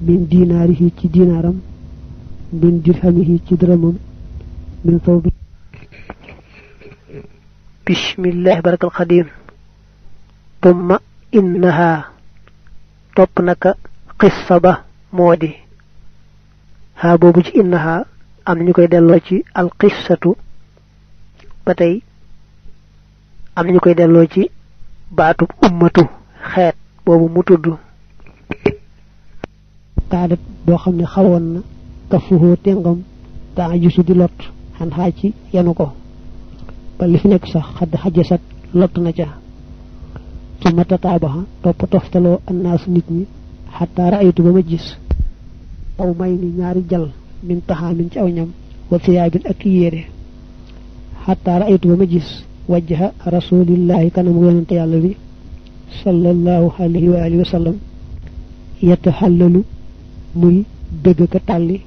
min dinaarihi ci dinaaram min dirhamihi ci dërëmam min thawbi bismillah barakal khadim thumma innaha top naka qissa ba modi ha bobu ci innaha am ñu koy delo ci al qissatu batay am ñu koy delo ci baatu ummatu xeet bobu mu tuddu talib bo xamni xawon na kafuhoo tengam ta jusu di lot han ha ci yanu ko ba li fi nek sax xad hajjasat lot na ca suma ha topp toftaloo annas nit ni hatta raaytu ba gis aw may ni ñaari jal min min ci aw ñam wa siyaabin ak yére raaytu ba wajha rasulillahi kanam yalla bi sallallahu Alaihi wa alihi wa sallam yatahallalu muy deug ka tali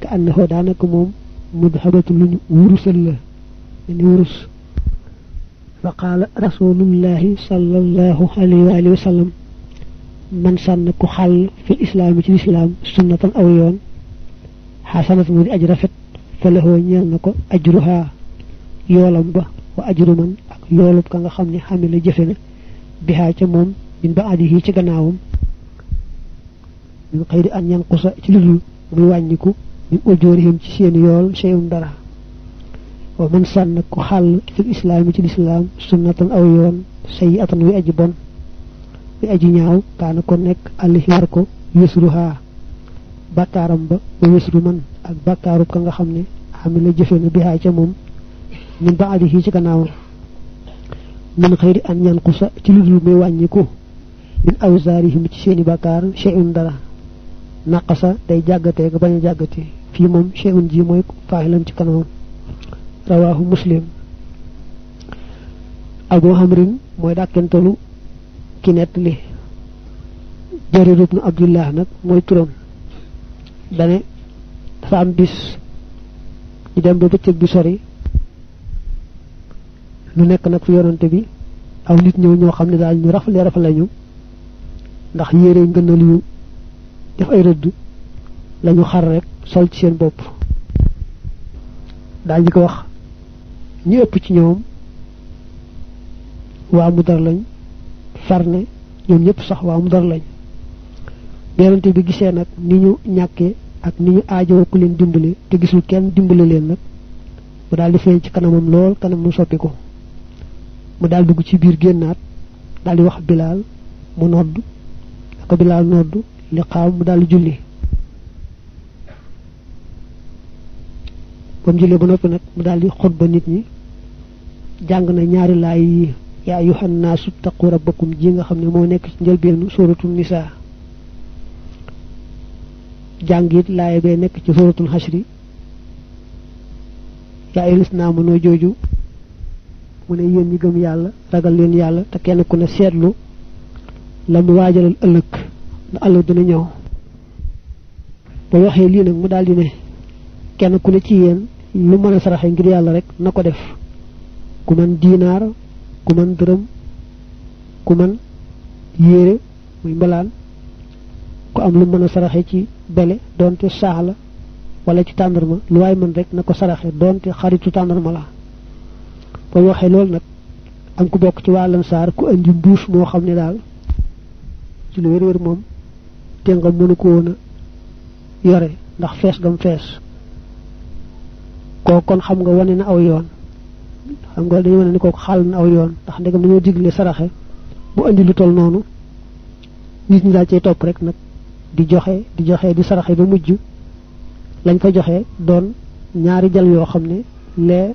ka annahu danaka mom mudhabatu luñ wurusal la ni wurus fa qala rasulullah sallallahu alayhi wa alihi wa sallam man san ko xàll fi islam ci islam sunnatan aw yon xasanat mudi ajra fat rafet fa lahoo ñeel na ajruha yolam ba wa ajru man ak yolup ka nga xamni ne xamila jefena biha ca mom min ba adihi ci gannaawam min xëyri an yanqusa ci ludul muy wàññiku min ujurihim ci seen yool seyum dara wa man sànn ku xàll fil ci lislaam sunnatan aw yoon sayi atan wi ko nekk àllihi ko wésruhaa bàkkaaram ba nga xam ne xami la jëfe na bihaa ci gannaawam min xëyri an ci seeni bàkkaar cheyun dara naqasa day jàggate nga bañ a jàggati fii moom cheyun ji mooy faaxilam ci kanamam rawaahu muslim abu hamrin mooy dàkkentalu ki nett li jarir ibnu abdullah nag mooy turam dane dafa am bis ñu dem ba bëccëg bi sori lu nekk nag fi yonante bi aw nit ñëw ñoo xam ne daal ñu rafale rafale ñu ndax yére ngënal yu def ay rëdd lañu xar rek sol ci seen bopp daal di ko wax ñu ëpp ci ñoom waa mu dar lañ farne ñoom ñëpp sax waa mu dar lañ berante bi gisee nag ni ñu ñàkkee ak ni ñu aajoo ku leen dimbale te gisul kenn dimbale leen nag mu daal di feeñ ci kanamam lool kanam mu soppi ko mu daal dugg ci biir génnaat daal di wax bilaal mu nodd ak bilaal noddu liqaam mu dal julli bam julli ba nopi nak mu dal di khutba nit ñi jang na ñaari lay ya yuhanna naasu rabbakum ji nga xamne mo nek ci ci njëlbeenu suratul nisa jàng it be bee ci suratul hasri ya ilisna mu no jooju mu ne yeen ñi gëm yalla ragal leen yalla te kenn ku ne setlu lam ba àll ñëw ba waxee lii nag mu daal di ne kenn ku ne ci yéen lu mën a saraxe ngir yàlla rek na ko def ku man diinaar ku man dërëm ku man yére muy mbalaan ku am lu mën a saraxe ci bele doonte saax la wala ci tàndarma lu waaye mën rekk na ko saraxe doonte xaritu tàndarma la ba waxee loolu nag am ku bokk ci wàllan saar ku indi mbuus moo xam ne daal ci lu wér-wér moom te nga mënu ko yore ndax fees gam fees kooku kon xam nga wane na aw yoon xam nga dañu wane ni kooku xaal na aw yoon ndax ndegam dañoo digle saraxe bu indi lu toll noonu nit ñi daal cee topp rek nag di joxe di joxe di saraxe ba mujj lañ fa joxe doon ñaari jal yoo xam ne lee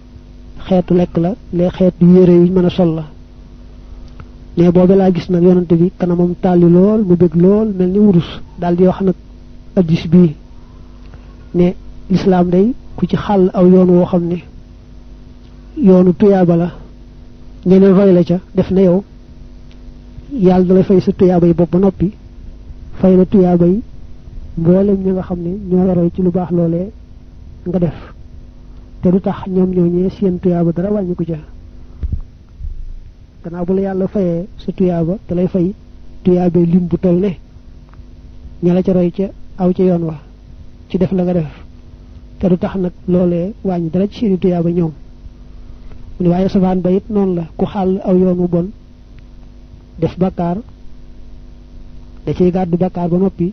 xeetu lekk la lee xeetu yére yu mën a sol la nee boobe laa gis nag yonante bi kanamam tàlli lool mu bég lool mel ni wurus daal di wax nag addis bii ne lislaam day ku ci xàll aw yoon woo xam ne yoonu tuyaaba la ñeneen roy la ca def na yow yàlla da la fay sa tuyaaba yi bopp ba noppi fay la tuyaaba yi mboolem ña nga xam ne ñoo roy ci lu baax loolee nga def te lu tax ñoom ñoo ñee seen tuyaaba dara wàññi ko ca gannaaw bu la yàlla fayee sa tuyaaba da lay fay tuyaabee lim bu toll ne ña la ca roy ca aw ca yoon wa ci def la nga def te du tax nag loolee wàññi dara ci seeni tuyaaba ñoom mu ne waaye safaan ba it noonu la ku xàll aw yoon wu bon def bakkaar da ciy gàddu bakkaar ba noppi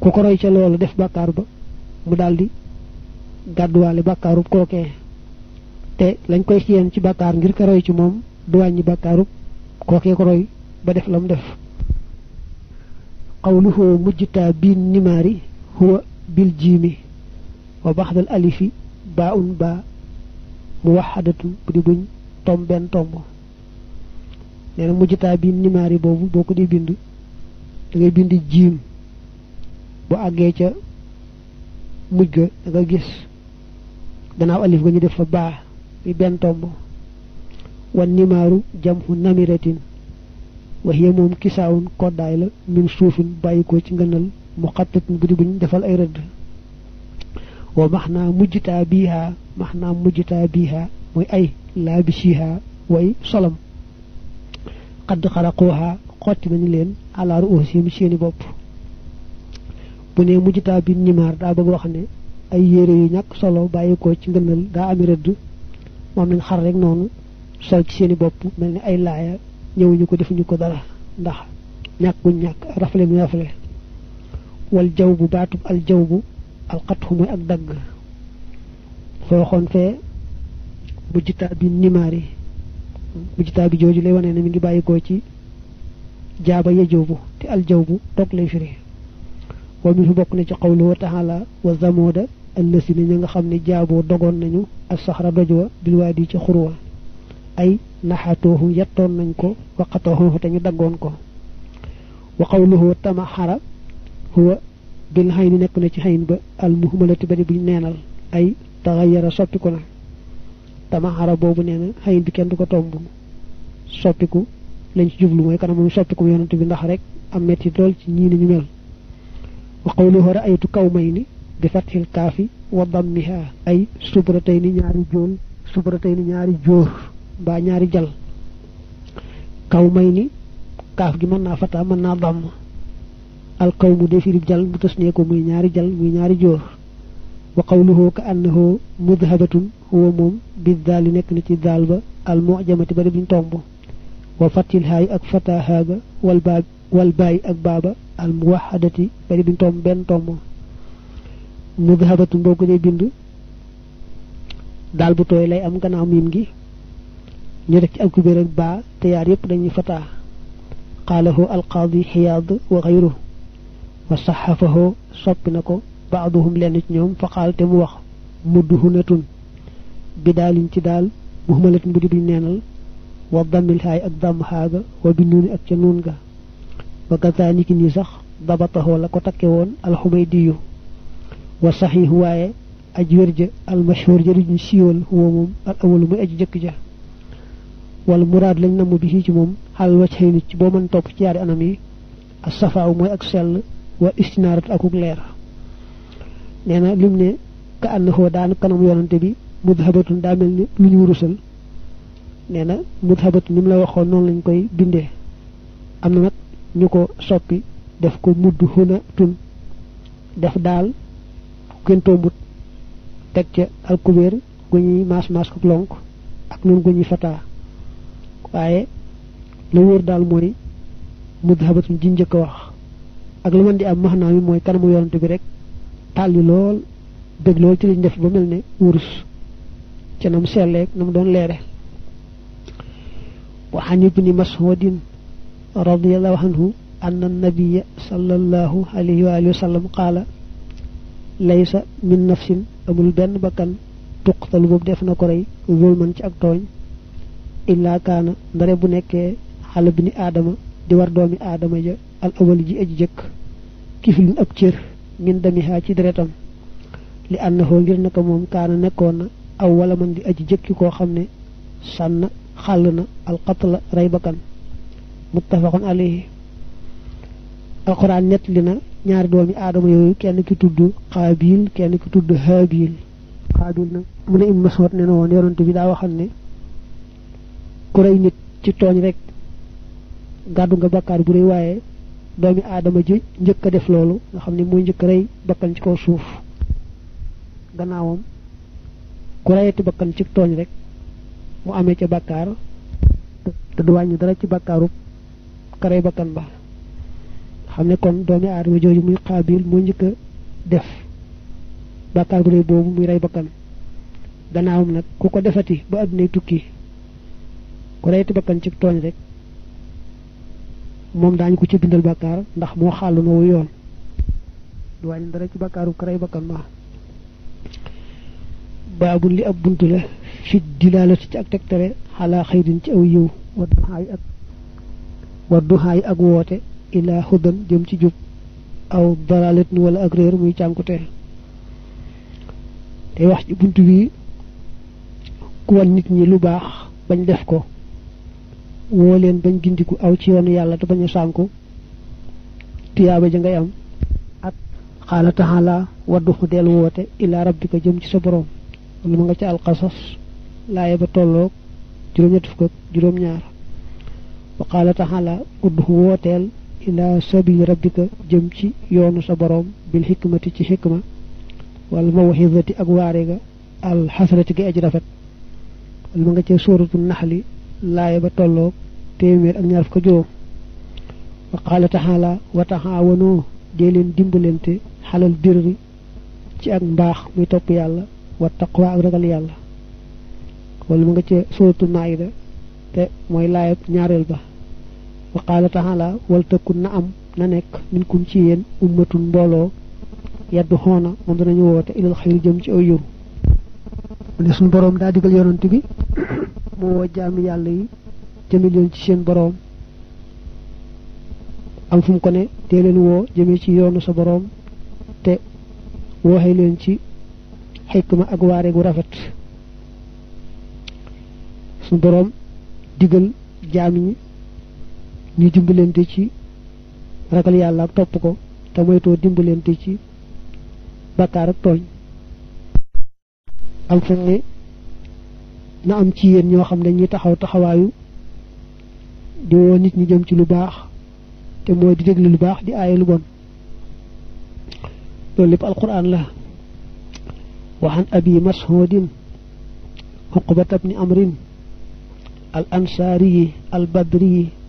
ku ko roy ca loolu def bakkaar ba mu daldi gàdduwaale bàkkaarub kookee te lañ koy siyeen ci bàkkaar ngir ko roy ci moom du wàññi bàkkaaru kookee ko roy ba def la mu def qawluhu mujjitaa biin nimaari huwa bil jiimi wa baxdal alifi baa un baa mu waxadatu di buñ tom benn tomb nee na mujjitaa biin nimaari boobu boo ko di bind da ngay bind jiim bu àggee ca mujj ga da gis gannaaw alif ga ñu def fa baa mi benn tomb wan nimaaru jam fu namiratin wax ya moom kisaawun koddaay la min suufin bàyyi ko ci ngënal mu xattatin bu di buñ defal ay rëdd wa max naa mujjitaa biihaa max naa mujjitaa biihaa mooy ay laabisiihaa way solam xadd xaraquuhaa xotti nañu leen alaaru ausim seeni bopp bu ne mujjitaa bi nimaar daa bëgg wax ne ay yére yu ñàkk solo bàyyi ci ngënal daa ami rëdd moom lañ xar rek noonu sol ci seeni bopp mel ni ay laaya ñëwuñu ko defuñu ko dara ndax ñàkk guñ ñàkk rafle ñu rafle wal jaw bu baatub al jaw bu alxatxu mooy ak dagg soo xoon fee bu jitaa bi nimaari bu jitaa bi jooju lay wane ne mi ngi bàyyikoo ci jaaba ya jawbu te al jawbu toog lay firi wa min fu bokk na ci qawlu wa taala wa zamoda allasina ña nga xam ne jaaboo nañu as-sahra wa bil wadi ci khurwa ay nahatuhu yatton nañ ko waqatuhu te ñu ko wa qawluhu tamahara huwa bil hayni nek na ci hayn ba al muhmalati bari buñ neenal ay taghayyara soppiku na Tamahara bobu nee hayn bi kenn du ko tomb soppiku lañ ci jublu moy kanam mu soppiku yonante bi ndax rek am metti dol ci ni ñu mel wa qawluhu ra'aytu kawmayni bi fathil kafi wa dammiha ay subratayni ñaari joon subratayni ñaari joor ba ñaari jal kawmayni kaaf gi mën na fata mën na damm al qawmu defiri jal mu tasne ko muy ñaari jal muy ñaari joor wa qawluhu ka annahu mudhabatun huwa mum bi dal nek na ci dal ba al mu'jamati bari biñ tombu wa fatil hay ak fata haga wal ba wal bay ak baba al muwahhadati bari biñ tombu ben tombu mubhabatun boo ko dee bind daal bu tooy lay am gannaaw miim gi ñu def ci ak kubéer ak baa te yaar yépp dañuy fataa qaalahu alqaadi xiyaad wa xayruhu wa saxafahu soppi na ko baaduhum lenn ci ñoom fa qaal te mu wax mudhunatun bi daalin ci daal muhmalatun bu di biñ neenal wa dammil haay ak damm xaaga wa bi nuuni ak ca nuun ga wa gazaa niki nii sax dabataxoo la ko takke woon alxumaydiyu wa saxiix waaye aj wér ja al mashhur ja luñ siiwal huwa moom al awalu muy aji jëkk ja wal muraad lañ namm bi ci moom xal wajxay nit ci boo mën topp ci yaari anam yi as safaaw mooy ak sell wa istinaarat akuk leer nee na lim ne ka annahu daan kanam yonante bi mudhabatun daa mel ni lu ñu wurusal nee na mudhabatun ni mu la waxoon noonu lañ koy bindee am na nag ñu ko soppi def ko mudd huna tun def daal gën tombut teg ca al kubéer gu ñuy maas maas ko ak noonu gu ñuy fataa waaye la wóor daal mori mudhabatun ji njëkk a wax ak lu mën di am maxnaa mi mooy kanamu yonante bi rek tàlli lool dëgg lool ci liñ def ba mel ni wurus ca nam selleeg na doon leere wa an ibni mas'udin radiallahu anhu anna nabiya sallallahu alayhi wa alihi qaala laysa min nafsin amul ben bakkan tuqtal boobu def na ko rey zulman ci ak togn illa kana ndare bu nekké xala bi ni di war doomi adama ja al awal ji aji jëkk kifilin cieur ngin min ha ci deretam li annahu ngir naka mom kana aw wala man di aji jek ko xamne ne xalna al qatl ray bakkan muttafaqun alayhi alquran net lina ñaar doomi aadama yooyu kenn ki tudd qabil kenn ki tudd habil qabil nag mu ne ibnu masud ne na woon bi da waxal ne ku ray nit ci togn rek gaddu nga bakkar bu ray waye doomi aadama ji ñeuk def lolu nga xamni moy ñeuk ray rey bakkan ci ko suuf gannaawam ku reyati bakkan ci togn rek mu amé ci bakkar te du wañu dara ci bakkaru ka bakkan ba xam ne kon doomi aadama jooju muy xaabil moo njëkk a def bàkkaar bu rëy boobu muy rey bakkan gannaawam nag ku ko defati ba addunay tukki ku reyti bakkan ci tooñ rek moom daañu ko ci bindal bàkkaar ndax moo xàllu noowu yoon du wàññi dara ci bàkkaaru ku rey bakkan ma baabu li ab bunt la fi dilaalati ci ak tegtale xalaa xëy din ci aw yiw wadduxaay ak wadduxaay ak woote ila hudan jëm ci jub aw dalalet nu wala ak reer muy cànkute day wax ci buntu bi ku wan nit ñi lu baax bañ def ko woo leen bañ gindiku aw ci yoonu yàlla te bañ a sànku tiyaaba ja ngay am ak xaala taxala wadduxu del woote ila rabbika jëm ci sa borom lu ma nga ca alqasas laaye ba tolloog juróom ñett fukk juróom ñaar wa qaala taxala udduxu wooteel ila sabili rabbika jëm ci yoonu sa borom bil hikmati ci hikma wal mawhizati ak waare ga al hasrati gi aji rafet wal ma nga ci suratu nahli laaya ba tolloo téeméer ak ñaar fukk juróom wa qala ta'ala wa ta'awanu dee leen dimbalante xalal birri ci ak mbaax muy topp yàlla wa taqwa ak ragal yàlla wala ma nga ci suratu naida te mooy laayab ñaareel ba wa qaala taala wal takun na am na nekk minkum ci yéen ummatun mbooloo yaddu xoona moom danañu woote ilal xayri jëm ci aw yiw mu ne suñu boroom daa digal yonant bi mu woo jaami yàlla yi jëme leen ci seen boroom am fu mu ko ne tee woo jëmee ci yoonu sa boroom te wooxee leen ci xikma ak waare gu rafet suñu boroom digal jaami ñi ñu dimbalante ci ragal yàlla ak topp ko te moytoo dimbalante ci bakkaar ak tooñ am fu na am ci yéen ñoo xam ne ñuy taxaw taxawaayu di woo nit ñu jëm ci lu baax te mooy di déglu lu baax di aaye lu bon loolu lépp alquran la waxan abi mas'udin uqbat ni amrin al ansari al badri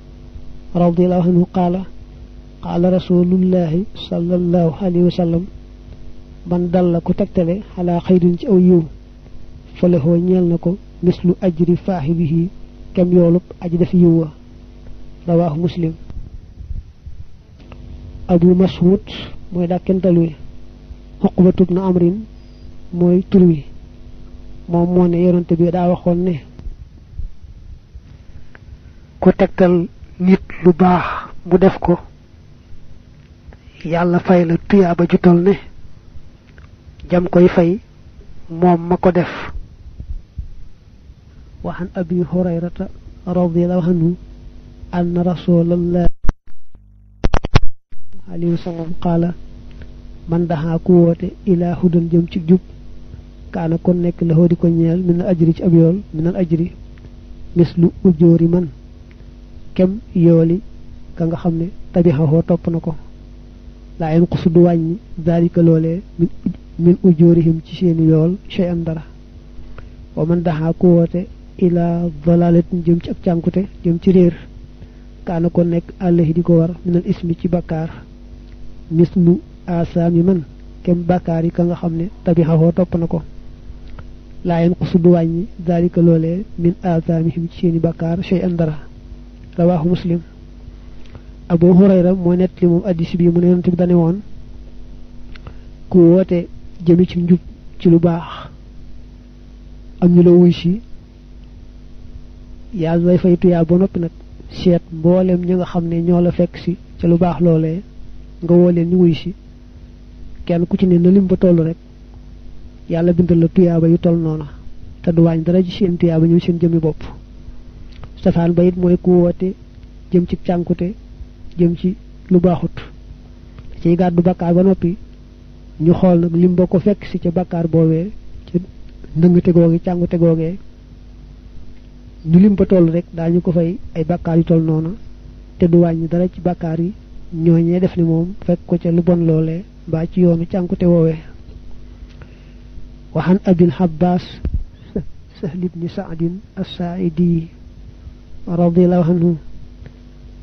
رضي الله عنه قال قال رسول الله صلى الله عليه وسلم من دل كتكتلي على خير أو يوم فله نيلنكو مثل أجر فاهبه كم يولب أجد في يوم رواه مسلم أبو مسعود موي دا كنتلوي عقبة بن عمرو موي تروي موم مو ني يرونتي بي دا واخون ني ku tektal nit lubah bax mu def ko yalla fay la tuya ne jam koy fay mom mako def wa han abi hurayra radhiyallahu anhu an rasulullah ali sallam qala man daha ku wote ila hudun jom ci djub kana kon nek la hodi ko ñeal min ajri ci abiyol min ajri mislu ujuri man kem yooli ka nga xam ne tabixawoo topp na ko laa yen xusu du wàññi daalika loolee min ujoorihim ci seeni yool chey dara wa man daxaa ku woote ci ak cànkute jëm ci réer kaana ko nekk àllahi di ko war minal ismi ci bakkaar mislu asaami man kem bakkaar yi ka nga xam ne tabixawoo topp na ko laa yen xusu du wàññi daalika loolee min asaamihim ci seeni bakkaar chey an rawahu muslim abu hurayra mo net li mom hadith bi mu ne yonent bi dane won ku wote jëmi ci njub ci lu baax am ñu la wuy ci yaa lay fay tuyaa ba noppi nag seet mboolem ñi nga xam ne ñoo la fekk si ca lu baax loolee nga woo ñu wuy si kenn ku ci ne na lim ba toll rek yàlla bindal la tuyaaba yu toll noona te du dara ci jëmi safaan ba it mooy ku jëm ci cànkute jëm ci lu baaxut ci ciy gàddu bakkaar ba noppi ñu xool na lim ba ko fekk ci ca bakkaar boobee ca ndëngte googe càngute googee ñu lim ba toll rek daañu ko fay ay bakkaar yu toll noonu te du wàññi dara ci bakkaar yi ñoo ñooñee def ni moom fekk ko ca lu bon loolee mbaa ci yoonu cànkute woowee waxan abil Abbas sahl ibni saadin as-saaidi radiyallahu anhu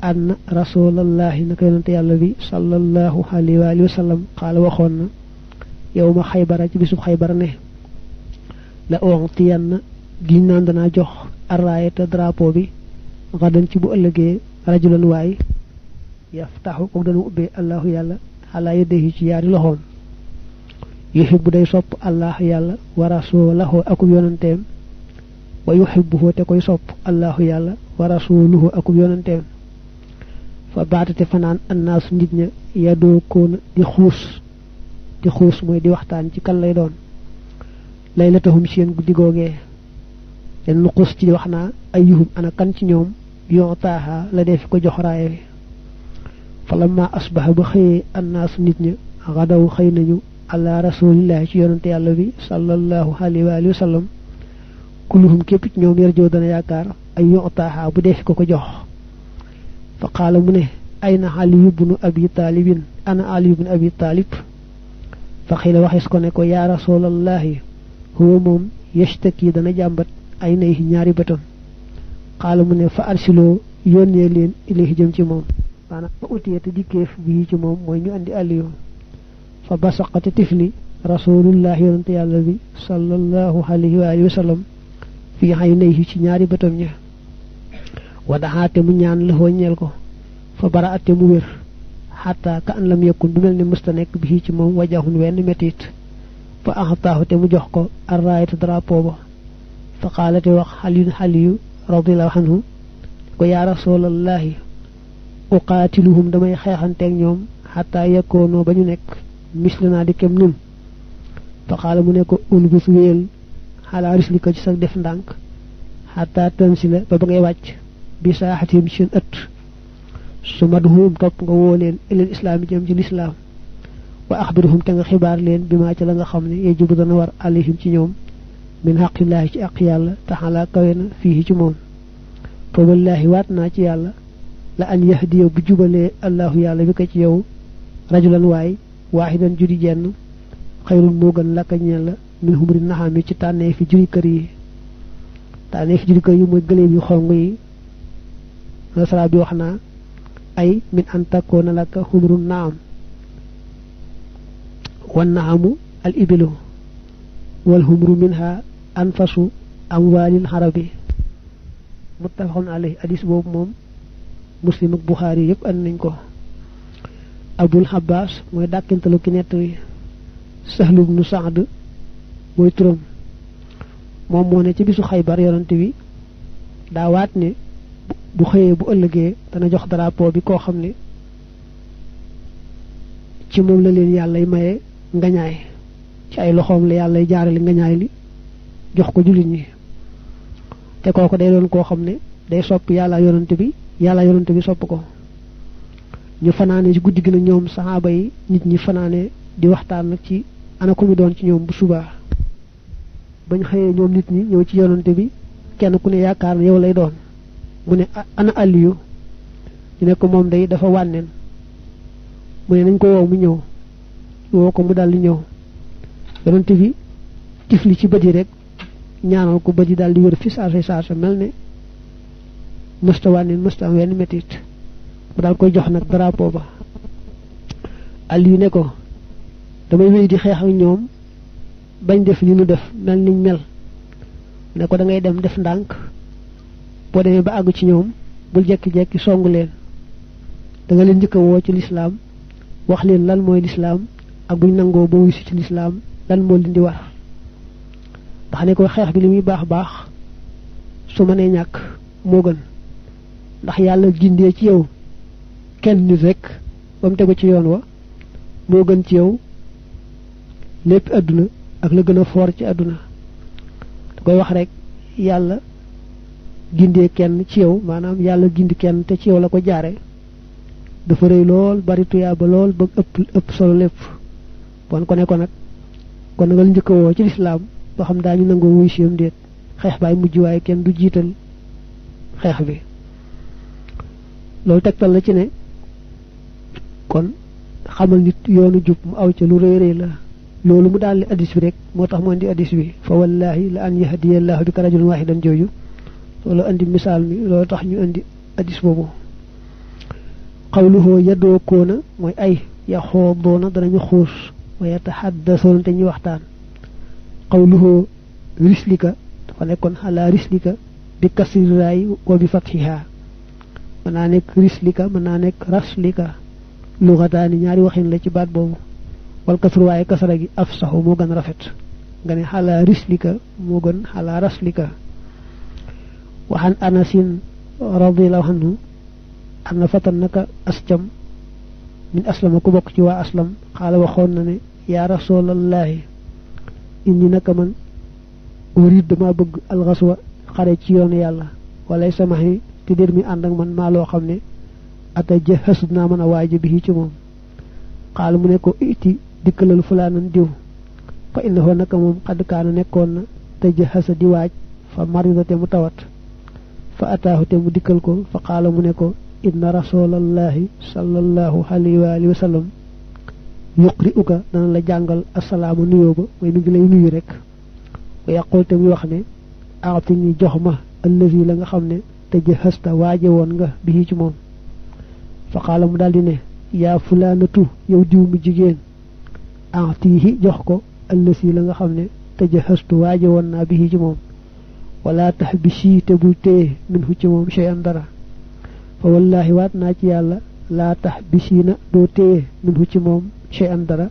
anna rasulullahi naka yonent yalla bi sallallahu alayhi wa alihi wasallam qala waxon na yawma khaybara ci bisub khaybara ne la u'tiyanna giñ naan dana jox arraayata drapeau bi xadan ci bu ëllëgee rajulan waay yaftaxu ko dana ubbee allahu yàlla ala yadayhi ci yaari loxoom yuhibbu day sopp allah yàlla wa rasulahu akum yonanteem wa yuhibbuhu te koy sopp allahu yàlla wa rasuluhu ak yonenteem fa baatate fanaan annaasu nit ña yadoo koona di xuus di xuus mooy di waxtaan ci kan lay doon laylatahum seen guddi googee len nu xuus ci di wax naa ayyuhum ana kan ci ñoom yootaaha la dee fi ko jox raaye wi fa lamma asbaha ba xëyee annaasu nit ña xadaw xëy nañu ala rasulillahi ci yonante yàlla bi sallallahu alayhi wa sallam kulluhum képp ci ñoom yarjoo dana yaakaar ay yu'taha bu def ko ko jox fa qala mu ayna ali ibn abi talib ana ali ibn abi talib fa khila wahis ko ne ko ya rasulullah huwa mum yashtaki dana jambat ayna hi ñaari beton qala mu ne fa arsilu yonne len ilahi jëm ci mom mana fa utiyata bi ci mom moy ñu andi aliyu fa basaqat tifli rasulullah yonte yalla bi sallallahu alayhi wa sallam wasallam fi haynayhi ci ñaari ñaa ودعاتي من يان له ونيلكو فبرأتي موير حتى كأن لم يكن دمال مستنك به جمعون وجهون وين متيت فأخطاه تمو جوحكو الرأي تدرابوبا فقالت وقت حليو حليو رضي الله عنه ويا رسول الله أقاتلهم دم يخيخن تنيوم حتى يكونوا بنيك مثلنا لكم نم فقال منك أنبث ويل على رسلك جسد دفن دانك حتى تنسل ببغي واجه بساحتهم شن أت سمدهم توك إلى الإسلام جم جن الإسلام وأخبرهم تنغ خبار لين بما تلان خمني يجب دنور عليهم تنيوم من حق الله أقيال تحالا قوين فيه جمون فوالله واتنا لا ان يهدي بجبل الله يالا بكت يو رجلا واي واحدا جري جن خير موغن لك نيال من همر النحامي تتاني في جري كري تاني في جري كري يوم يغلي بي nasara bi waxna ay min an takuna laka humrun naam wan naamu al ibilu wal humru minha anfasu amwalil harabi muttafaqun alayhi hadith bob mom muslim ak bukhari yep an nañ ko abul habbas moy dakentalu ki net wi sahlu ibn sa'd moy turum mom mo ne ci bisu khaybar yonent wi da wat ne bu xëyee bu ëllëgee dana jox drapeau bi koo xam ne ci moom la leen yàllay maye ngañaay ci ay loxoom la yàllay jaarale ngañaay li jox ko jullit ñi te kooku day doon koo xam ne day sopp yàlla yonante bi yàlla yonante bi sopp ko ñu fanaane ci guddi gi nag ñoom saxaaba yi nit ñi fanaane di waxtaan nag ci ana doon ci ñoom bu subaa bañ xëyee ñoom nit ñi ñëw ci yonante bi kenn ku ne yaakaar ne yow lay doon mu ne ana Aliyu ñu ne ko moom day dafa wànneen mu ne nañ ko woow mu ñëw woo ko mu daldi ñëw yonent bi tifli ci bët yi rek ñaanal ko bët yi daldi wër fi saasa saasa mel ni mësta wànneen mësta am wenn metit mu daal koy jox nag drapeau ba yi ne ko damay wéy di xeex ak ñoom bañ def li ñu def mel niñ mel ne ko da ngay dem def ndànk bo demé ba àgg ci ñoom bu jekki-jekki songu leen da nga leen njëkk wo ci l'islam wax leen lan moy l'islam ak bu nangoo bo wuy ci l'islam lan mo leen di war ndax ne ko xex bi limuy bax bax su mané ñak mo gën ndax yalla gindé ci yow kenn ni rek bam mu ci yoon wa mo gën ci yow lepp aduna ak la gëna a ci aduna da koy wax rek yalla gindee kenn ci yow maanaam yàlla gindi kenn te ci yow la ko jaare dafa rëy lool bari tuyaaba lool ba ëpp ëpp solo lépp bon ko ne ko nag kon nga njëkk woo ci lislaam boo xam daañu nangoo wuy siyam déet xeex baay mujj waaye kenn du jiital xeex bi loolu tegtal la ci ne kon xamal nit yoonu jub mu aw ca lu rëy rëy la loolu mu daal di addis bi rek moo tax moo indi addis bi fa wallahi la an yahdiya la bika rajulan wahidan jooju ولا عندي مثال مي لو تخ ني عندي حديث بوبو قوله يدو كون موي اي يا خوبونا دا نيو خوش ويتحدثون تي ني وقتان قوله رسلك دا نيكون على رسلك بكسر الراي وبفتحها منا نيك رسلك منا نيك رسلك لغتان نياري وخين لا سي بات بوبو والكسر واي كسرغي افصح مو غن رفت غني على رسلك مو غن على رسلك waxan anasin radiyallahu anhu anna fatan naka asjam min aslama ku bokk ci waa aslam xaala waxoon na ne yaa rasulallahi indi naka man urid dama bëgg alxaswa xare ci yoonu yàlla walay samaxi te dir mi ànd ak man maa loo xam ne ata jahasut naa mën a waaji bi ci moom xaal mu ne ko iti dikkalal fulaanan diw fa innahu naka moom xad kaana nekkoon na te jahasa di waaj fa marida te mu tawat fa ataahu mu dikkal ko fa qaala mu ne ko inna rasulallahi sallallahu alayhi wa alihi wa sallam uka dana la jàngal asalaamu nuyoo ba mooy mi ngi lay nuyu rek ba yàqul te muy wax ne aati ni jox ma allazi la nga xam ne te jëhasta waaje woon nga bi ci moom fa qaala mu daal di ne yaa fulaanatu yow diw mu jigéen aatihi jox ko allazi la nga xam ne te jëhastu waaje woon naa bi ci moom wala tax bi sii te bul téye min ci moom sey an dara fa wallaahi waat naa ci yàlla laa tax bi sii na doo téye min ci moom sey an dara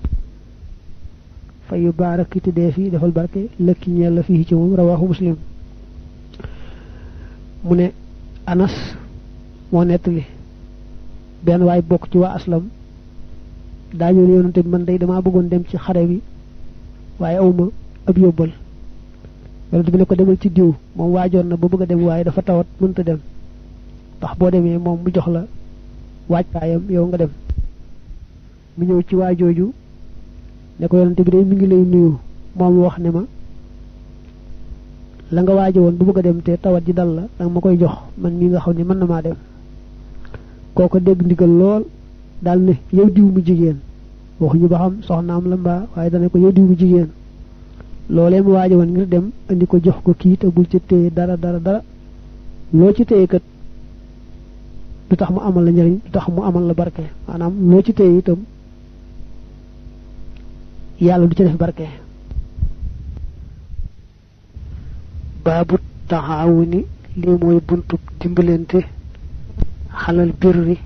fa yu baaraki te dee fii defal barke lëkki ñeel la fii ci moom rawaaxu muslim mu ne anas moo nettali benn waay bokk ci waa aslam daañu yonante bi man day damaa bëggoon dem ci xare bi waaye awma ab yóbbal yonent bi ne ko demal ci diw moom waajoon na ba bëgg dem waaye dafa tawat mënta dem tax boo demee moom mu jox la waajtaayam yow nga dem mu ñëw ci waajooju ne ko yonent bi day mi ngi lay nuyu moom wax ne ma la nga waaje woon bu bëgg dem te tawat ji dal la dang ma koy jox man mi nga xam ne mën na maa dem kooko dégg ndigal lool daal ne yow diw mu jigéen waxuñu ba xam soxnaam la mbaa waaye dana ko yow diw mu jigéen lolé mu waji won ngir dem andi ko jox ko ki te bul ci téye dara dara dara lo ci téye kat du mu amal la njariñ du tax mu amal la barke manam lo ci téye itam yalla du ci def barke babu taawuni li moy buntu dimbalante halal birri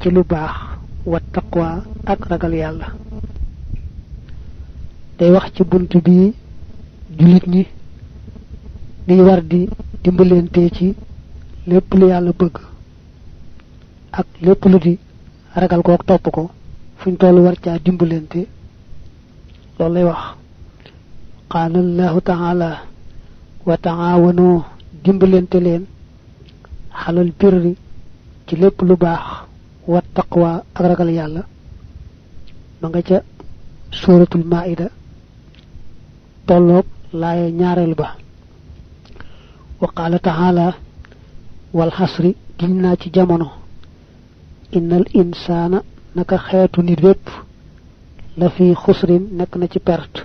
ci lu baax wa taqwa ak ragal yalla day wax ci buntu bi julit ñi ni war di dimbalante ci lépp lu yàlla bëgg ak lépp lu di ragal ko ak topp ko fuñ luar war caa dimbalante loolu lay wax qaala allahu taala wa taawanu dimbalante leen xalal birri ci lépp lu baax wa taqwa ak ragal yàlla ma nga ca suratul maida tolloog laaye ñaareel ba wa qaala taala wal xasri giñ naa ci jamono innal insaana naka xeetu nit wépp la fi xusrin nekk na ci perte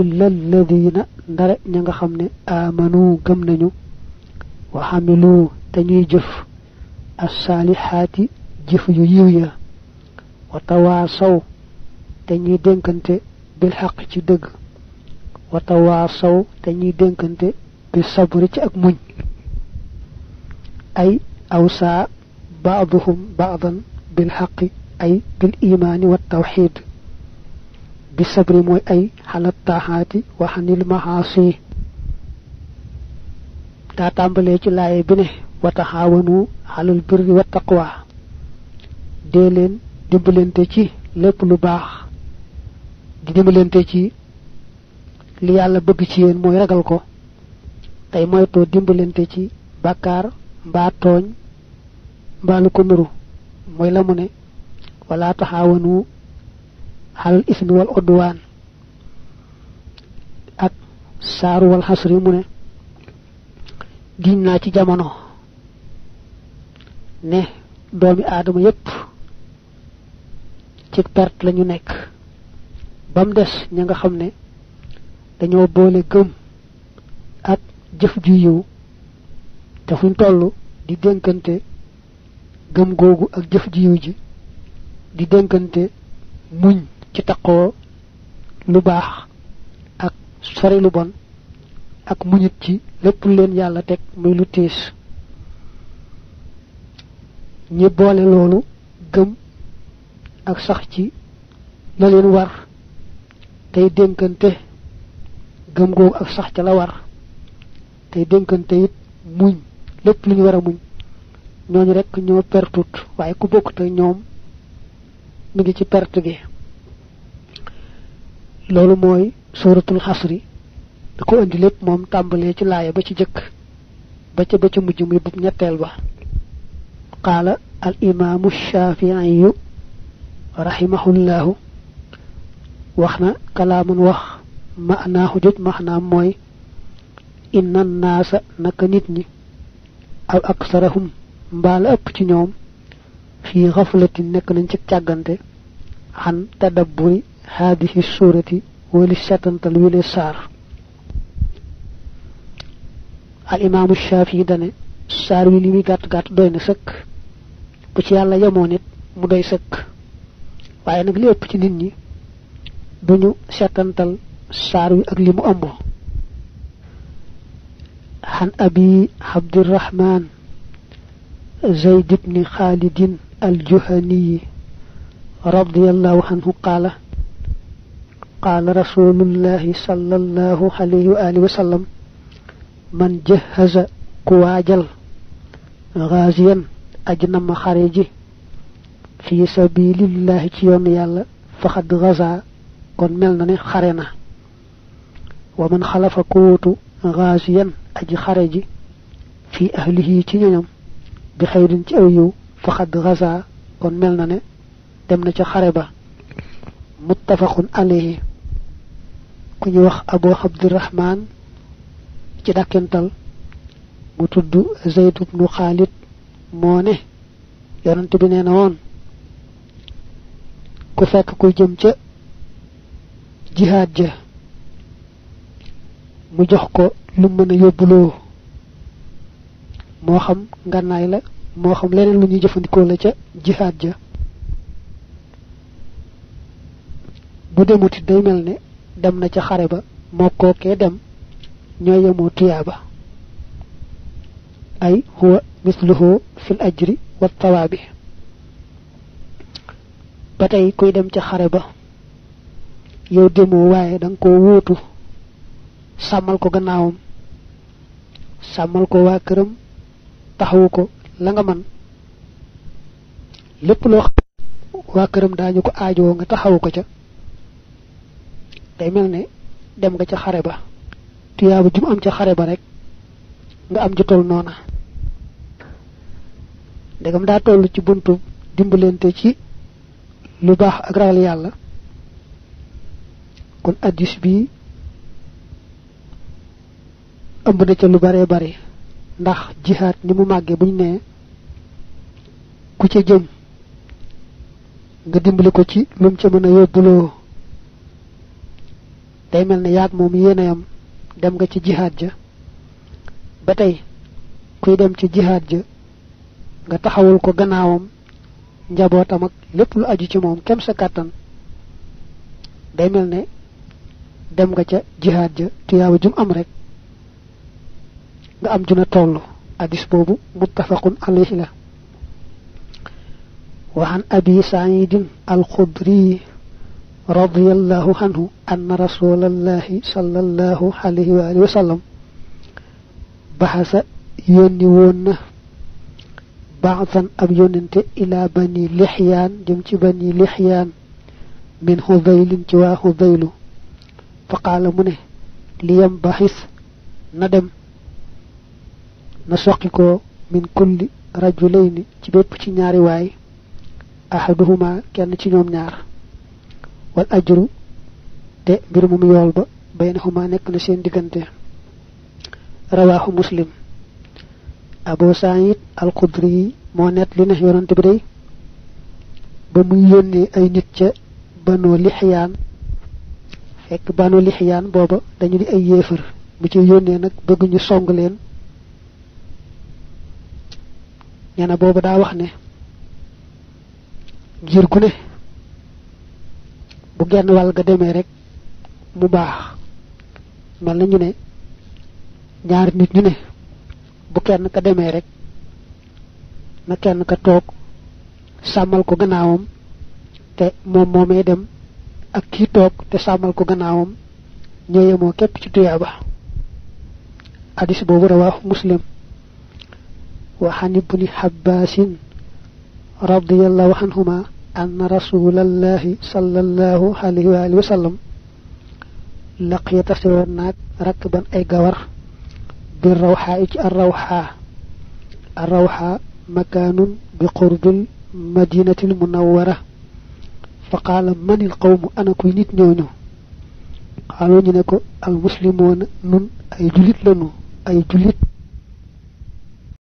illa alladina ndare ña nga xam ne aamanu gëm nañu wa xamilu te ñuy jëf asaalixaati jëf yu yiw ya wa tawaasaw te ñuy dénkante bil xaq ci dëgg wa tawaasaw te ñuy dénkante bi sabri ci ak muñ ay awsaa baaduhum baadan bil xaqi ay bil imaani wa tawxiid bi sabri mooy ay xalat taaxaati wa xanil maxaasi daa tàmbalee ci laaye bi ne wa taxaawanu xalal birri wa taqwa dee leen dimbalante ci lépp lu baax di dimbalante ci li yalla bëgg ci yeen moy ragal ko moy to dimbalante ci bakar mba togn mba lu ko nuru moy la ne wala tahawanu hal ismi wal udwan ak saru wal hasri mu ne giñ ci jamono ne doomi aadama yépp ci perte lañu nekk bam dess ña nga xam ne boole gëm ak jëf ju yu te fuñ tollu di denkante gëm googu ak jëf ju yu ji di denkante muñ ci taqoo lu bax ak sori lu bon ak muñit ci lépp leen yalla tek muy lu ñi boole lolu gëm ak sax ci la leen war tey denkante gëm googu ak sax ci la war tey denkante it muñ lepp luñu wara muñ ñoñu rek ñoo pertut waye ku bokk tay ñoom mi ngi ci perte gi lolu moy suratul hasri da ko andi lepp mom tambale ci laaya ba ci jëkk ba ci ba ci mujj muy bub ñettel ba qala al ash-shafi'i rahimahullahu wax na kalaamun wax ma'naahu joj maxnaam mooy inna naasa naka nit ñi aw aksarahum mbaa la ëpp ci ñoom fii xaflati nekk nañ ci càggante xan tadabburi haadihi suurati wali setantal wile saar al imaamu shaafi dane saar wi li muy gàtt gàtt doy na sëkk bu ci yàlla yemoon it mu doy sëkk waaye nag li ëpp ci nit ñi duñu setantal saar wi ak limu ambo han abi abdurrahman عبد الرحمن زيد بن خالد الجهني رضي الله عنه قال قال رسول الله صلى الله عليه وآله وسلم من جهز كواجل غازيا أجنم خارجي في سبيل الله تيون يالا فقد غزا kon mel na ni xare na wa man khalafa qutu gaasiyan aji xare ji fi ahlihi ci ñoom bi xayrin ci ay yiw fa khad ghasa kon mel na ne dem na ci xare ba muttafaqun alayhi ku ñu wax abu abdirahman ci dakental mu tuddu zayd ibn khalid mo ne yonent bi neena won ku fekk ku jëm ca jihaad ja mu jox ko lu mën a yóbbuloo moo xam ngànnaay la moo xam leneen lu ñuy jëfandikoo la ca jihaad ja bu demuti day melne, ne dem na ca xare ba moo kookee dem ñoo yemoo tuyaaba ay huwa misluhu fil ajri wat tawaabi ba tey kuy dem ca xare ba yow demo waye dang ko wotu samal ko gannaawum samal ko waa këram taxawu ko la nga man lépp loo xam waa këram ko aajoo nga taxawu ko ca day mel dem nga ca xare ba tuyaabu jum am ca xare ba rek nga am ju tol noona ndegam daa toll ci buntu dimbalante ci lu baax ak ragal yàlla kon addis bi ëmb na ca lu bare bare ndax jihad ni mu màggee buñ ne ku ca jëm nga dimbali ko ci lum ca mën a yóbbuloo day mel ne yaag moom dem nga ci jihaat ja ba tey kuy dem ci jihaat ja nga taxawul ko gannaawam njabootam ak lépp lu aju ci moom kem sa kàttan day mel ne dem nga ca jihaad ja tuyaaba jum am rek nga am juna toll hadis boobu muttafaqun alayhi la wa وعن أبي سعيد الخدري رضي الله عنه أن رسول الله صلى الله عليه وآله وسلم بحث يونيون بعضا أب يوننت إلى بني لحيان جمت بني لحيان من هذيل جوا هذيل faqala qala mu ne liyam bahis na dem na soqiko min kulli rajulayni ci bepp ci ñaari way ahaduhuma kenn ci ñoom ñaar wal ajru te mbir mu yool ba baynahuma nekk na seen diggante rawaahu muslim abu sa'id al qudri mo net li ne yonante bi day ba muy yónnee ay nit ca banu lixyaan fekk banu lihyan booba dañu di ay yéefar bu ci yónnee nag bëgg ñu song leen nee na booba daa wax ne giir ku ne bu genn wàll ga demee rek mu baax mel na ñu ne ñaar nit ñu ne bu kenn ka demee rek na kenn ka toog sàmmal ko gannaawam te moom moomee dem ak ki toog te sàmmal ko gannaawam ñoo yemoo képp ci tuyaaba hadis boobu rawaahu muslim وعن ابن حباس رضي الله عنهما أن رسول الله صلى الله عليه وآله وسلم لقي تسيرناك ركبا أي قور بالروحاء الروحاء الروحاء مكان بقرب المدينة المنورة فقال من القوم أنا كنت نونو قالوا نكو المسلمون نون أي جلت لنو أي جلت